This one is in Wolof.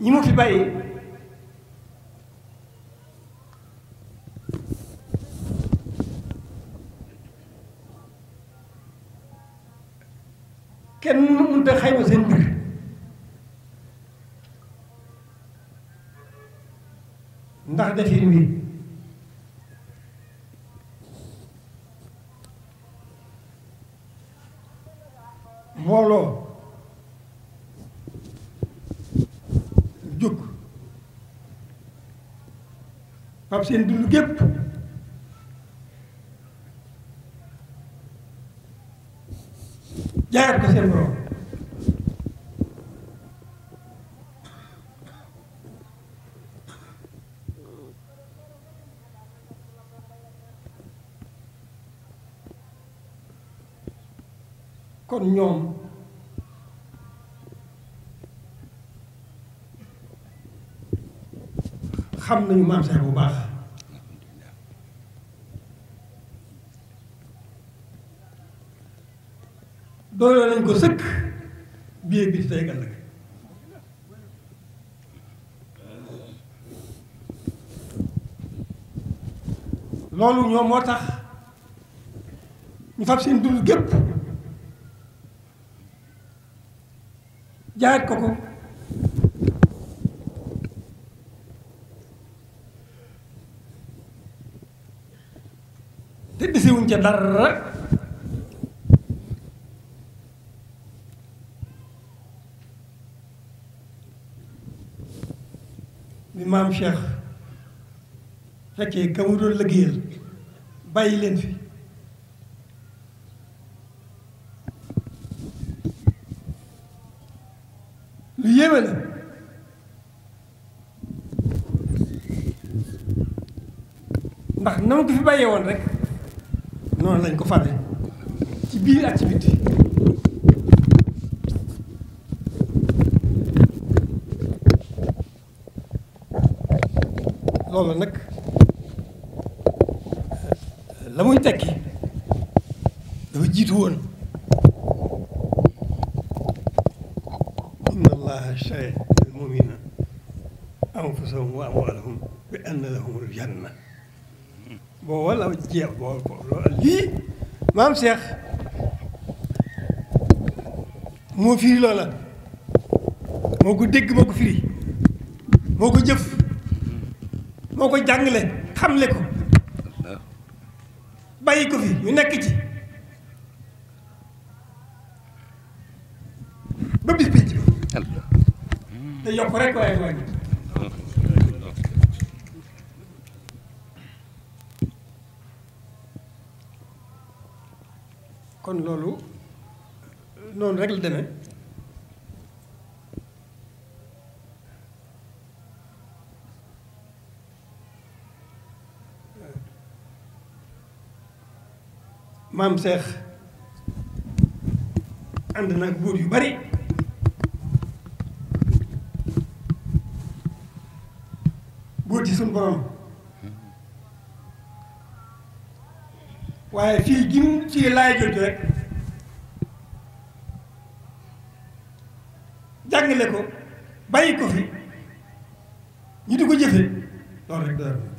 ñi mu fi bàyyi kenn mënut a xayma seen mbir ndax defin wi mbooloo fab seen dund gépp ko seen ñoom xam nañu maam Cheikh bu baax doole nañ ko sëkk biir bi ci tey ëllëg loolu ñoom moo tax ñu fab seen dund gépp jaayat ko ko te bisiwuñ ca dara bi maam Cheikh fekkee ka mu doon liggéeyal bàyyi leen fi lu yéeme la ndax na ma ko fi bàyyee woon rek noonu lañ ko fabe ci biir activité loolu nag la muy tekki dafa jiitu woon inna allaha ishtara minal mu'minina anfusahum wa amwalahum bi anna lahumul janna bon walla jeex bon lii maam Cheikh moo firi loola moo ko dégg moo ko firi moo ko jëf moo ko jàngale bay ko bàyyi ko fi ñu nekk ci ba bis pénc te yokk rek waaye wàññi kon loolu noonu rek la demee maam Seex ànd na ak yu bari buur ci suñu borom waaye fii gim fii laay jot rek jàngale ko bàyyi ko fi ñu di ko jëfe loolu rek doy